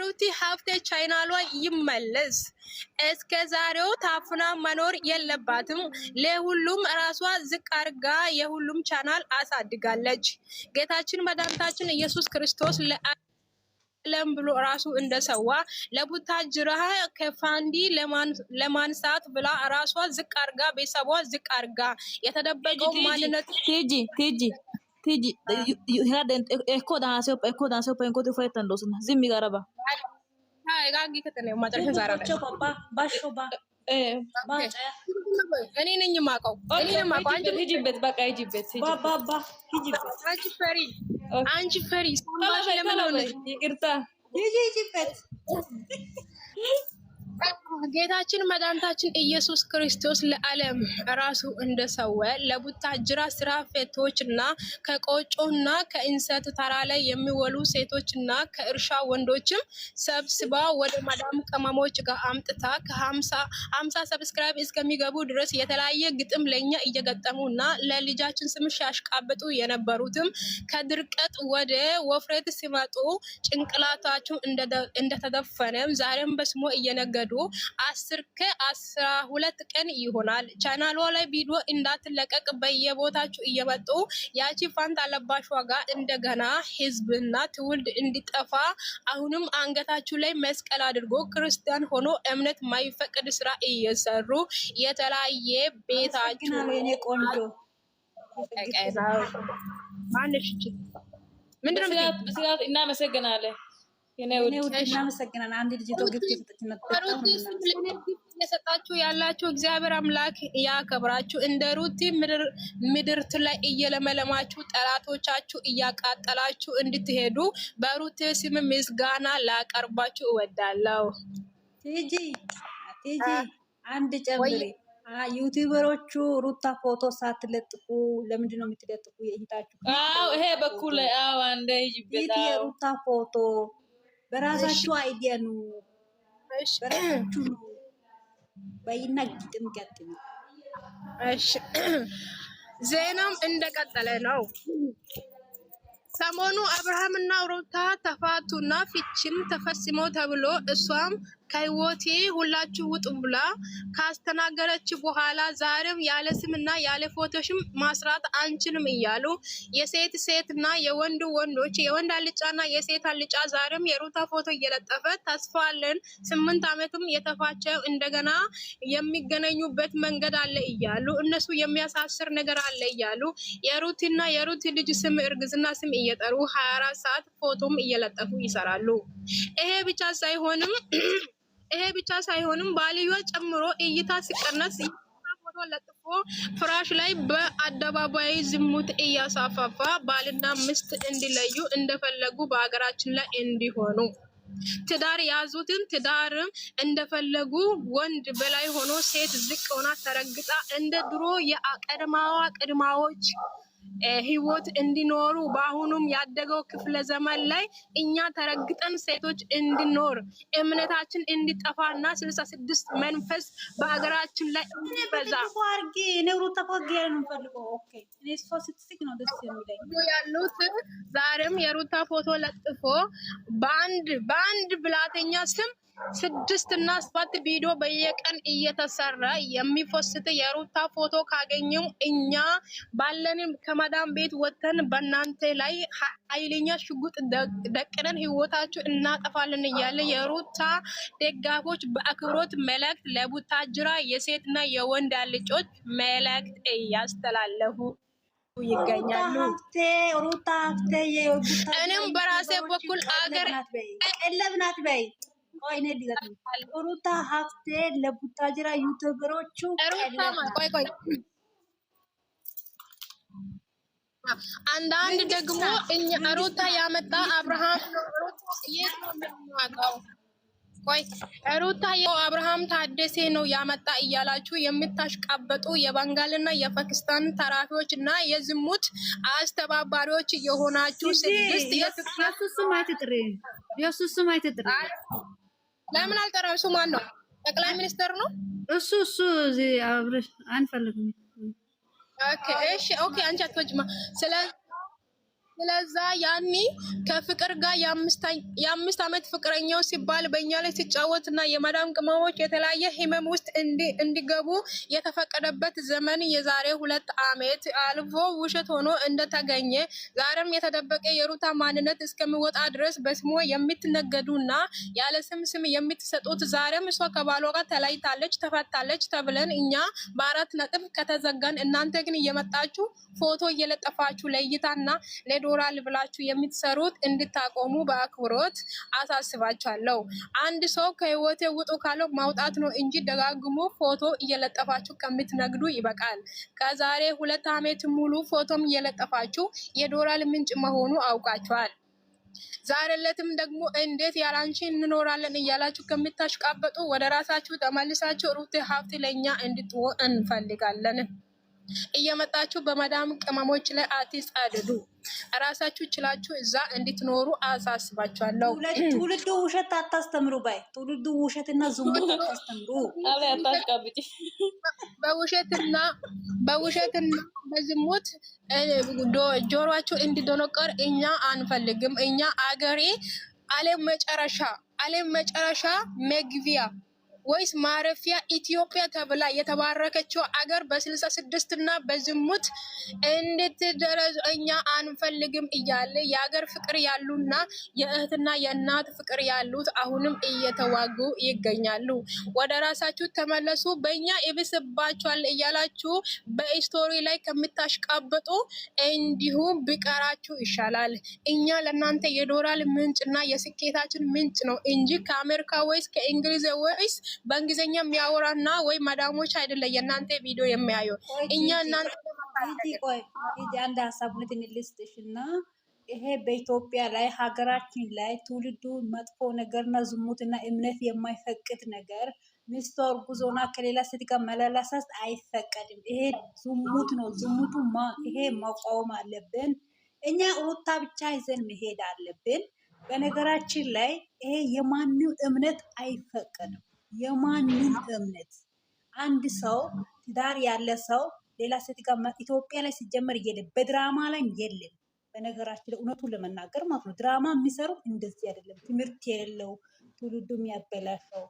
ሩቲ ሀብቴ ቻይናሏ ይመለስ። እስከ ዛሬው ታፍና መኖር የለባትም። ለሁሉም ራሷ ዝቅ አርጋ የሁሉም ቻናል አሳድጋለች። ጌታችን መድኃኒታችን ኢየሱስ ክርስቶስ ለም ብሎ ራሱ እንደሰዋ ለቡታጅራ ከፋንዲ ለማንሳት ብላ ራሷ ዝቅ አርጋ ቤተሰቧ ዝቅ አርጋ የተደበቀው ማንነት ቲጂ ቲጂ ቲጂ hegaa ekoo daanseoppa ekoo daanseoppa hinkooti ufayittan doosona zimmi gaara ba እኔ ነኝ የማውቀው እኔ ነኝ የማውቀው። አንቺ ሂጂበት፣ በቃ ሂጂበት። ባባባ ሂጂበት። አንቺ ፈሪ፣ አንቺ ፈሪ። ይቅርታ ሂጂ፣ ሂጂበት ጌታችን መድኃኒታችን ኢየሱስ ክርስቶስ ለዓለም ራሱ እንደሰወ ለቡታጅራ ስራ ፈቶች ከቆጮና ከእንሰት ተራ ላይ የሚወሉ ሴቶችና ከእርሻ ወንዶችም ሰብስባ ወደ ማዳም ቅመሞች ጋር አምጥታ ከሀምሳ ሰብስክራይብ እስከሚገቡ ድረስ የተለያየ ግጥም ለኛ እየገጠሙና ለልጃችን ስም ሲያሽቃብጡ የነበሩትም ከድርቀት ወደ ወፍረት ሲመጡ ጭንቅላታቸው እንደተደፈነ ዛሬም በስሞ እየነገዱ ከወሰዱ አስር ከአስራ ሁለት ቀን ይሆናል። ቻናሏ ላይ ቪዲዮ እንዳትለቀቅ በየቦታችሁ እየመጡ ያቺ ፋንት አለባሽ ዋጋ እንደገና ህዝብና ትውልድ እንዲጠፋ አሁንም አንገታችሁ ላይ መስቀል አድርጎ ክርስቲያን ሆኖ እምነት ማይፈቅድ ስራ እየሰሩ የተለያየ ቤታችሁ ምንድነው? እናመሰግናለን። እናመሰግናለን። አንድ ልጅ እየሰጣችሁ ያላችሁ እግዚአብሔር አምላክ ያከብራችሁ። እንደ ሩቲ ምድርት ላይ እየለመለማችሁ ጠላቶቻችሁ እያቃጠላችሁ እንድትሄዱ በሩቲ ስም ምስጋና ላቀርባችሁ እወዳለሁ። ቲጂ ቲጂ አንድ ጨምሬ ዩቲዩበሮቹ ሩታ ፎቶ ሳትለጥፉ ለምንድን ነው የምትለጥፉ? የእህታችሁ ይሄ በኩል ሩታ ፎቶ በራሳችሁ አይዲያ ነው። በራሳችሁ ነው በይና ግጥም ቀጥሉ። እሺ፣ ዜናም እንደቀጠለ ነው። ሰሞኑ አብርሃምና ሩታ ተፋቱና ፊችን ተፈጽሞ ተብሎ እሷም ከህይወቴ ሁላችሁ ውጡም ብላ ካስተናገረች በኋላ ዛሬም ያለ ስምና ያለ ፎቶሽም ማስራት አንችልም እያሉ የሴት ሴትና የወንድ ወንዶች የወንድ አልጫና የሴት አልጫ ዛሬም የሩታ ፎቶ እየለጠፈ ተስፋ አለን ስምንት ዓመትም የተፋቸ እንደገና የሚገናኙበት መንገድ አለ እያሉ እነሱ የሚያሳስር ነገር አለ እያሉ የሩትና የሩት ልጅ ስም እርግዝና ስም እየጠሩ ሀያ አራት ሰዓት ፎቶም እየለጠፉ ይሰራሉ። ይሄ ብቻ ሳይሆንም ይሄ ብቻ ሳይሆንም ባልዮ ጨምሮ እይታ ሲቀነስ ፎቶ ለጥፎ ፍራሽ ላይ በአደባባይ ዝሙት እያሳፋፋ ባልና ሚስት እንዲለዩ እንደፈለጉ በሀገራችን ላይ እንዲሆኑ ትዳር ያዙትን ትዳርም እንደፈለጉ ወንድ በላይ ሆኖ ሴት ዝቅ ሆና ተረግጣ እንደ ድሮ የቀድማዋ ቅድማዎች ህይወት እንዲኖሩ በአሁኑም ያደገው ክፍለ ዘመን ላይ እኛ ተረግጠን ሴቶች እንድኖር እምነታችን እንዲጠፋ እና ስልሳ ስድስት መንፈስ በሀገራችን ላይ እንዲበዛ ያሉት ዛሬም የሩታ ፎቶ ለጥፎ በአንድ በአንድ ብላተኛ ስም ስድስት እና ሰባት ቪዲዮ በየቀን እየተሰራ የሚፎስት የሩታ ፎቶ ካገኘው እኛ ባለን ከመዳም ቤት ወተን በእናንተ ላይ ኃይለኛ ሽጉጥ ደቅነን ህይወታችሁ እናጠፋለን እያለ የሩታ ደጋፎች በአክብሮት መልእክት ለቡታጅራ የሴትና የወንድ ልጆች መልእክት እያስተላለፉ ይገኛሉ። እኔም በራሴ በኩል አገር ቀለብ በይ ቆይ እኔ ሩታ ሀፍቴ ለቡታጅራ ዩቱበሮቹ ቆይ ቆይ አንዳንድ ደግሞ እኛ ሩታ ያመጣ አብርሃም ቆይ ሩታ አብርሃም ታደሴ ነው ያመጣ እያላችሁ የምታሽቃበጡ የባንጋልና የፓኪስታን ተራፊዎች እና የዝሙት አስተባባሪዎች የሆናችሁ ስድስት የሱስም አይተጥሬ የሱስም አይተጥሬ ለምን አልጠራው? እሱ ማን ነው? ጠቅላይ ሚኒስትር ነው እሱ እሱ እዚህ አብረሽ አንፈልግም። ኦኬ እሺ፣ ኦኬ አንቺ አትፈጅማ ስለዚህ ስለዛ ያኒ ከፍቅር ጋር የአምስት ዓመት ፍቅረኛው ሲባል በእኛ ላይ ሲጫወት እና የመዳም ቅመሞች የተለያየ ህመም ውስጥ እንዲገቡ የተፈቀደበት ዘመን የዛሬ ሁለት ዓመት አልፎ ውሸት ሆኖ እንደተገኘ ዛሬም የተደበቀ የሩታ ማንነት እስከሚወጣ ድረስ በስሞ የምትነገዱና ያለ ስም ስም የምትሰጡት ዛሬም እሷ ከባሏ ጋር ተለይታለች፣ ተፈታለች ተብለን እኛ በአራት ነጥብ ከተዘጋን እናንተ ግን እየመጣችሁ ፎቶ እየለጠፋችሁ ለእይታና ይኖራል ብላችሁ የምትሰሩት እንድታቆሙ በአክብሮት አሳስባችኋለሁ። አንድ ሰው ከህይወቴ ውጡ ካለው ማውጣት ነው እንጂ ደጋግሞ ፎቶ እየለጠፋችሁ ከምትነግዱ ይበቃል። ከዛሬ ሁለት ዓመት ሙሉ ፎቶም እየለጠፋችሁ የዶላር ምንጭ መሆኑ አውቃችኋል። ዛሬ ዕለትም ደግሞ እንዴት ያላንቺ እንኖራለን እያላችሁ ከምታሽቃበጡ ወደ ራሳችሁ ተመልሳችሁ ሩት ሀብት ለእኛ እንድትሆን እንፈልጋለን። እየመጣችሁ በመዳም ቅመሞች ላይ አትጻደዱ። ራሳችሁ ችላችሁ እዛ እንድትኖሩ አሳስባችኋለሁ። ትውልዱ ውሸት አታስተምሩ ባይ ትውልዱ ውሸትና ዝሙት አታስተምሩ። በውሸትና በውሸትና በዝሙት ጆሮአችሁ እንዲደነቀር እኛ አንፈልግም። እኛ አገሬ ዓለም መጨረሻ ዓለም መጨረሻ መግቢያ ወይስ ማረፊያ ኢትዮጵያ ተብላ የተባረከችው አገር በስልሳ ስድስት እና በዝሙት እንድትደረዝ እኛ አንፈልግም እያለ የአገር ፍቅር ያሉና የእህትና የእናት ፍቅር ያሉት አሁንም እየተዋጉ ይገኛሉ። ወደ ራሳችሁ ተመለሱ፣ በእኛ ይብስባችኋል እያላችሁ በስቶሪ ላይ ከምታሽቃብጡ እንዲሁም ቢቀራችሁ ይሻላል። እኛ ለእናንተ የዶላር ምንጭ እና የስኬታችን ምንጭ ነው እንጂ ከአሜሪካ ወይስ ከእንግሊዝ ወይስ በእንግሊዝኛ የሚያወራና ወይ ማዳሞች አይደለ የእናንተ ቪዲዮ የሚያዩ እኛ እናንተ አንድ ሀሳቡነት እንልስጥሽ ይሄ በኢትዮጵያ ላይ ሀገራችን ላይ ትውልዱ መጥፎ ነገርና ዝሙትና እምነት የማይፈቅድ ነገር ሚስቱ እርጉዝ ከሌላ ሴት ጋር መላላሳት አይፈቀድም። ይሄ ዝሙት ነው። ዝሙቱ ይሄ መቃወም አለብን። እኛ ሩታ ብቻ ይዘን መሄድ አለብን። በነገራችን ላይ ይሄ የማንም እምነት አይፈቀድም። የማንም እምነት አንድ ሰው ትዳር ያለ ሰው ሌላ ሴት ጋር ኢትዮጵያ ላይ ሲጀመር የለም፣ በድራማ ላይ የለም። በነገራችን እውነቱን ለመናገር ማለት ነው ድራማ የሚሰሩ እንደዚህ አይደለም። ትምህርት የሌለው ትውልዱ የሚያበላሸው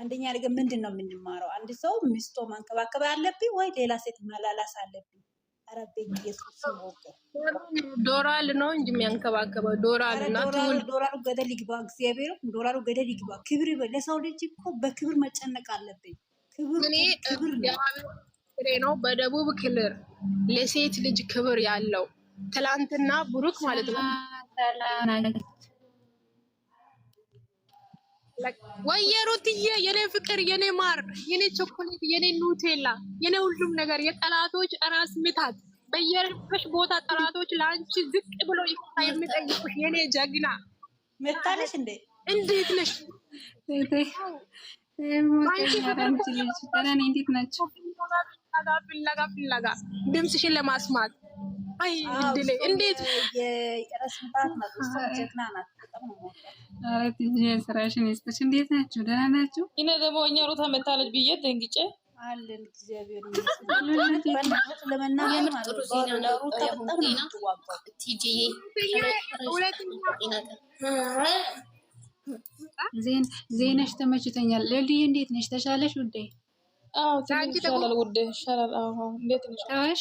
አንደኛ ነገር ምንድን ነው የምንማረው? አንድ ሰው ሚስቶ ማንከባከብ አለብኝ ወይ ሌላ ሴት መላላስ አለብኝ? ዶራል ነው እንጂ የሚያንከባከበው ዶራል ዶራሉ ገደል ይግባ። እግዚአብሔር ዶራሉ ገደል ይግባ። ክብር ለሰው ልጅ እኮ በክብር መጨነቅ አለብኝ። ክብር ነው። በደቡብ ክልል ለሴት ልጅ ክብር ያለው ትላንትና ብሩክ ማለት ነው ወይዬ ሩትዬ የኔ ፍቅር የኔ ማር የኔ ቾኮሌት የኔ ኑቴላ የኔ ሁሉም ነገር የጠላቶች ራስ ምታት በየርሽ ቦታ ጠላቶች ለአንቺ ዝቅ ብሎ ይቅርታ የሚጠይቁሽ የኔ ጀግና መታለሽ እንዴ! እንዴት ነሽ? ፍላጋ ፍላጋ ድምፅሽን ለማስማት አይ እንዴት ስራሽን ይስጥሽ። እንዴት ናችሁ? ደህና ናችሁ? እኔ ደግሞ እኛ ሩታ መታለች ብዬ ደንግጬ አለን እግዚአብሔር ዜናሽ ተመችቶኛል። ሌሊዬ እንዴት ነሽ? ተሻለሽ ውዴ? ይሻላል ውዴ፣ ይሻላል። እንዴት ነሽ?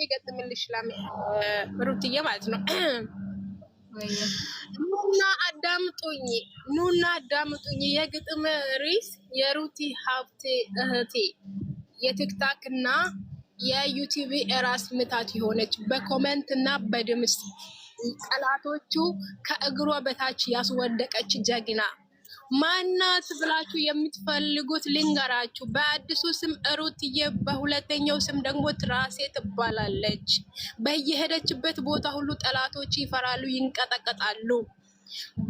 የገጥምልሽ ላሜ ሩትዬ ማለት ነው። ኑና አዳምጡኝ፣ ኑና አዳምጡኝ። የግጥም ርዕስ የሩቲ ሀብቴ እህቴ የቲክታክ እና የዩቲቪ ራስ ምታት የሆነች በኮመንት እና በድምፅ ጠላቶቹ ከእግሯ በታች ያስወደቀች ጀግና ማናት ብላችሁ የምትፈልጉት ልንገራችሁ። በአዲሱ ስም ሩትዬ፣ በሁለተኛው ስም ደግሞ ትራሴ ትባላለች። በየሄደችበት ቦታ ሁሉ ጠላቶች ይፈራሉ፣ ይንቀጠቀጣሉ።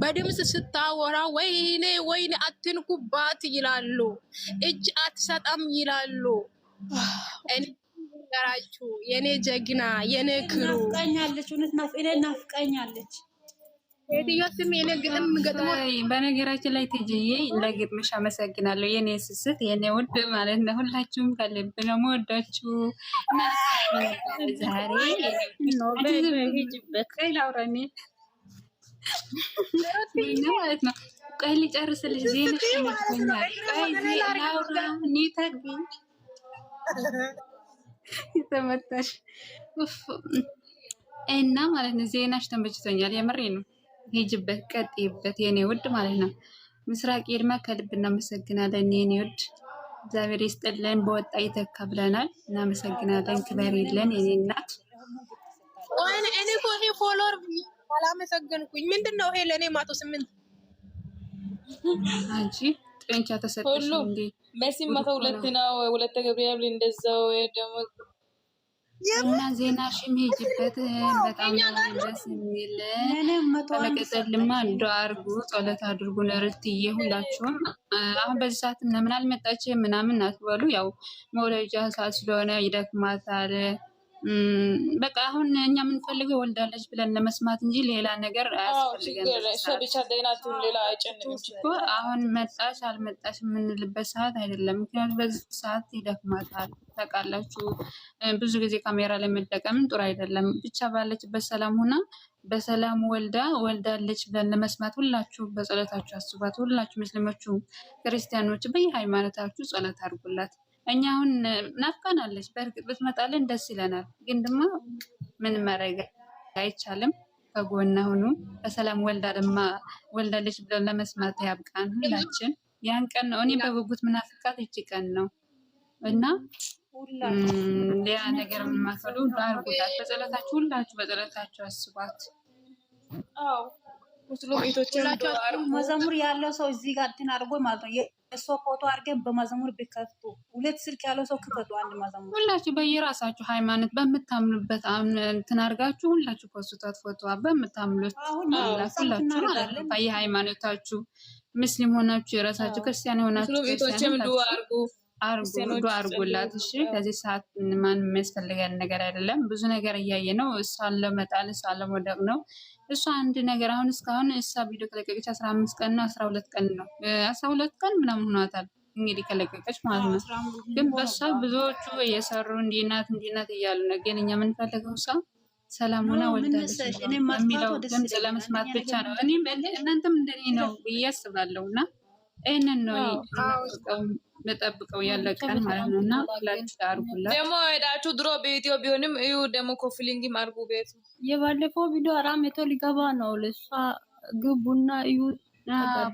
በድምፅ ስታወራ ወይኔ ወይኔ አትንኩባት ይላሉ፣ እጅ አትሰጠም ይላሉ። ልንገራችሁ የኔ ጀግና የኔ ክሩ ናፍቀኛለች፣ እውነት ናፍቀኛለች። በነገራችን ላይ ትጅዬ ለግጥምሽ አመሰግናለሁ። የኔ ስስት የኔ ውድ ማለት ነው። ሁላችሁም ከልብ ነው መወዳችሁ። ዛሬ ማለት ነው። ቆይ ልጨርስልሽ ዜናሽ የተመታሽ እና ማለት ነው ዜናሽ ተመችቶኛል። የምሬ ነው ሂጅበት፣ ቀጥይበት የኔ ውድ ማለት ነው። ምስራቅ ይድማ ከልብ እናመሰግናለን የኔ ውድ እግዚአብሔር ይስጥልን፣ በወጣ ይተካ ብለናል። እናመሰግናለን። ክበር የለን የኔ እናት። እኔ እኮ ይሄ ፎሎር አላመሰገንኩኝ። ምንድን ነው ይሄ? ለእኔ ማቶ ስምንት አንቺ ጥንቻ ተሰጠሽ እንዴ? መሲም መቶ ሁለት ነው። ሁለተ ገብርኤል እንደዛው ደግሞ እና ዜናሽም በጣም ደስ የሚል በመቀጠልማ እንደ አርጉ ጸሎት አድርጉ ለርትዬ ሁላችሁም። አሁን በዚህ ሰዓት ምናምን ምናምን አትበሉ። ያው መውለጃ ሰዓት ስለሆነ ይደክማታል። በቃ አሁን እኛ የምንፈልገው ወልዳለች ብለን ለመስማት እንጂ ሌላ ነገር አያስፈልገንም። አሁን መጣሽ አልመጣሽ የምንልበት ሰዓት አይደለም። ምክንያቱም በዚህ ሰዓት ይደክማታል። ታውቃላችሁ፣ ብዙ ጊዜ ካሜራ ላይ መጠቀምን ጥሩ አይደለም። ብቻ ባለችበት ሰላም ሆና በሰላም ወልዳ ወልዳለች ብለን ለመስማት ሁላችሁ በጸሎታችሁ አስባት። ሁላችሁ ሙስሊሞቹ ክርስቲያኖች በየሃይማኖታችሁ ጸሎት አድርጉላት። እኛ አሁን ናፍቃናለች። በእርግጥ ብትመጣልን ደስ ይለናል፣ ግን ድማ ምን ማድረግ አይቻልም። ከጎና ሁኑ። በሰላም ወልዳ ድማ ወልዳለች ብለን ለመስማት ያብቃን ሁላችን። ያን ቀን ነው እኔ በጉጉት ምናፍቃት ይቺ ቀን ነው እና ሌላ ነገር የምንማከሉ አድርጉላት። በጸሎታችሁ ሁላችሁ በጸሎታችሁ አስቧት። ሙስሊም እህቶቻችን መዘሙር ያለው ሰው እዚህ ጋር እንትን አድርጎ ማለት ነው እሷ ፎቶ አድርገን በመዘሙር ቢከፍቱ ሁለት ስልክ ያለው ሰው ክፈቱ። አንድ መዘሙር ሁላችሁ በየራሳችሁ ሃይማኖት በምታምኑበት እንትን አድርጋችሁ ሁላችሁ ፖስቷት ፎቶ በምታምኑት ሁላችሁ ማለት ነው በየሃይማኖታችሁ ሙስሊም ሆናችሁ የራሳችሁ ክርስቲያን ሆናችሁ ኢትዮጵያም ዱ አድርጉ አርጎ አርጎላት እሺ። ከዚህ ሰዓት ማን የሚያስፈልገን ነገር አይደለም። ብዙ ነገር እያየ ነው። እሷን ለመጣል እሷን ለመውደቅ ነው። እሷ አንድ ነገር አሁን እስካሁን እሷ ቪዲዮ ከለቀቀች አስራ አምስት ቀን ነው አስራ ሁለት ቀን ነው አስራ ሁለት ቀን ምናምን ሆኗታል እንግዲህ ከለቀቀች ማለት ነው። ግን በእሷ ብዙዎቹ እየሰሩ እንዲናት እንዲናት እያሉ ነው። ግን እኛ የምንፈልገው እሷ ሰላም ሆና ወልዳለች የሚለው ድምፅ ለመስማት ብቻ ነው። እኔም እናንተም እንደኔ ነው ብዬ አስባለሁ እና ይህንን ነው መጠብቀው ያለ ቀን ማለት ነው። እና ላች አርጉላት ደግሞ ሄዳችሁ ድሮ በኢትዮ ቢሆንም እዩ ደግሞ ኮፍሊንግ አርጉ ቤት የባለፈው ቪዲዮ አራ መቶ ሊገባ ነው። ለሷ ግቡና እዩ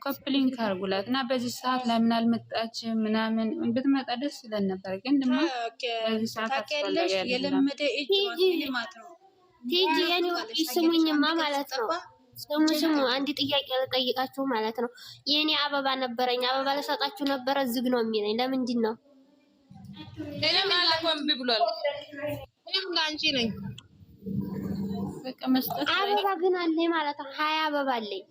ኮፍሊንግ አርጉላት እና በዚህ ሰዓት ለምን አልመጣች ምናምን ብትመጣ ደስ ይለን ነበር፣ ግን ድማ በዚህ ሰዓት አስፈላጊ ነው። ቲጂ ስሙኝማ ማለት ነው ስሙ ስሙ፣ አንድ ጥያቄ ልጠይቃችሁ ማለት ነው። የእኔ አበባ ነበረኝ፣ አበባ ልሰጣችሁ ነበረ፣ ዝግ ነው የሚለኝ ለምንድን ነው? እኔም አላውቅም ብሏል። እኔም ለአንቺ ነኝ። አበባ ግን አለኝ ማለት ነው፣ ሀያ አበባ አለኝ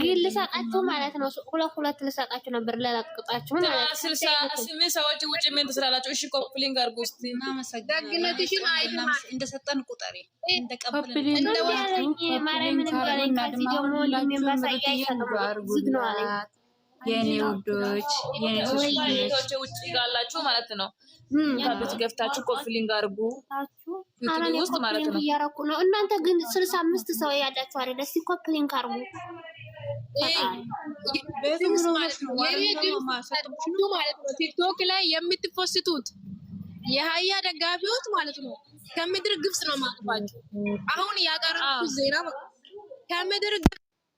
ግን ልሰጣችሁ ማለት ነው። ሁለት ሁለት ልሰጣችሁ ነበር ለለቅጣችሁ ስምንት ሰዎች ውጭ ምን ትስላላችሁ? እሺ ኮፕሊንግ አድርጉ እስኪ። ደግነትሽን እንደሰጠን ቁጠሪ የኔ ውዶች ውጭ ጋላችሁ ማለት ነው። ካሉት ገብታችሁ ኮፍሊንግ አድርጉ ውስጥ ማለት ነው። እያረኩ ነው። እናንተ ግን ስልሳ አምስት ሰው ያላችሁ አይደለ? እስቲ ኮፍሊንግ አርጉ። ቲክቶክ ላይ የምትፖስቱት የሀያ ደጋፊዎች ማለት ነው ከምድር ግብጽ ነው ማጥፋችሁ። አሁን ያቀረብኩት ዜና ከምድር ግብጽ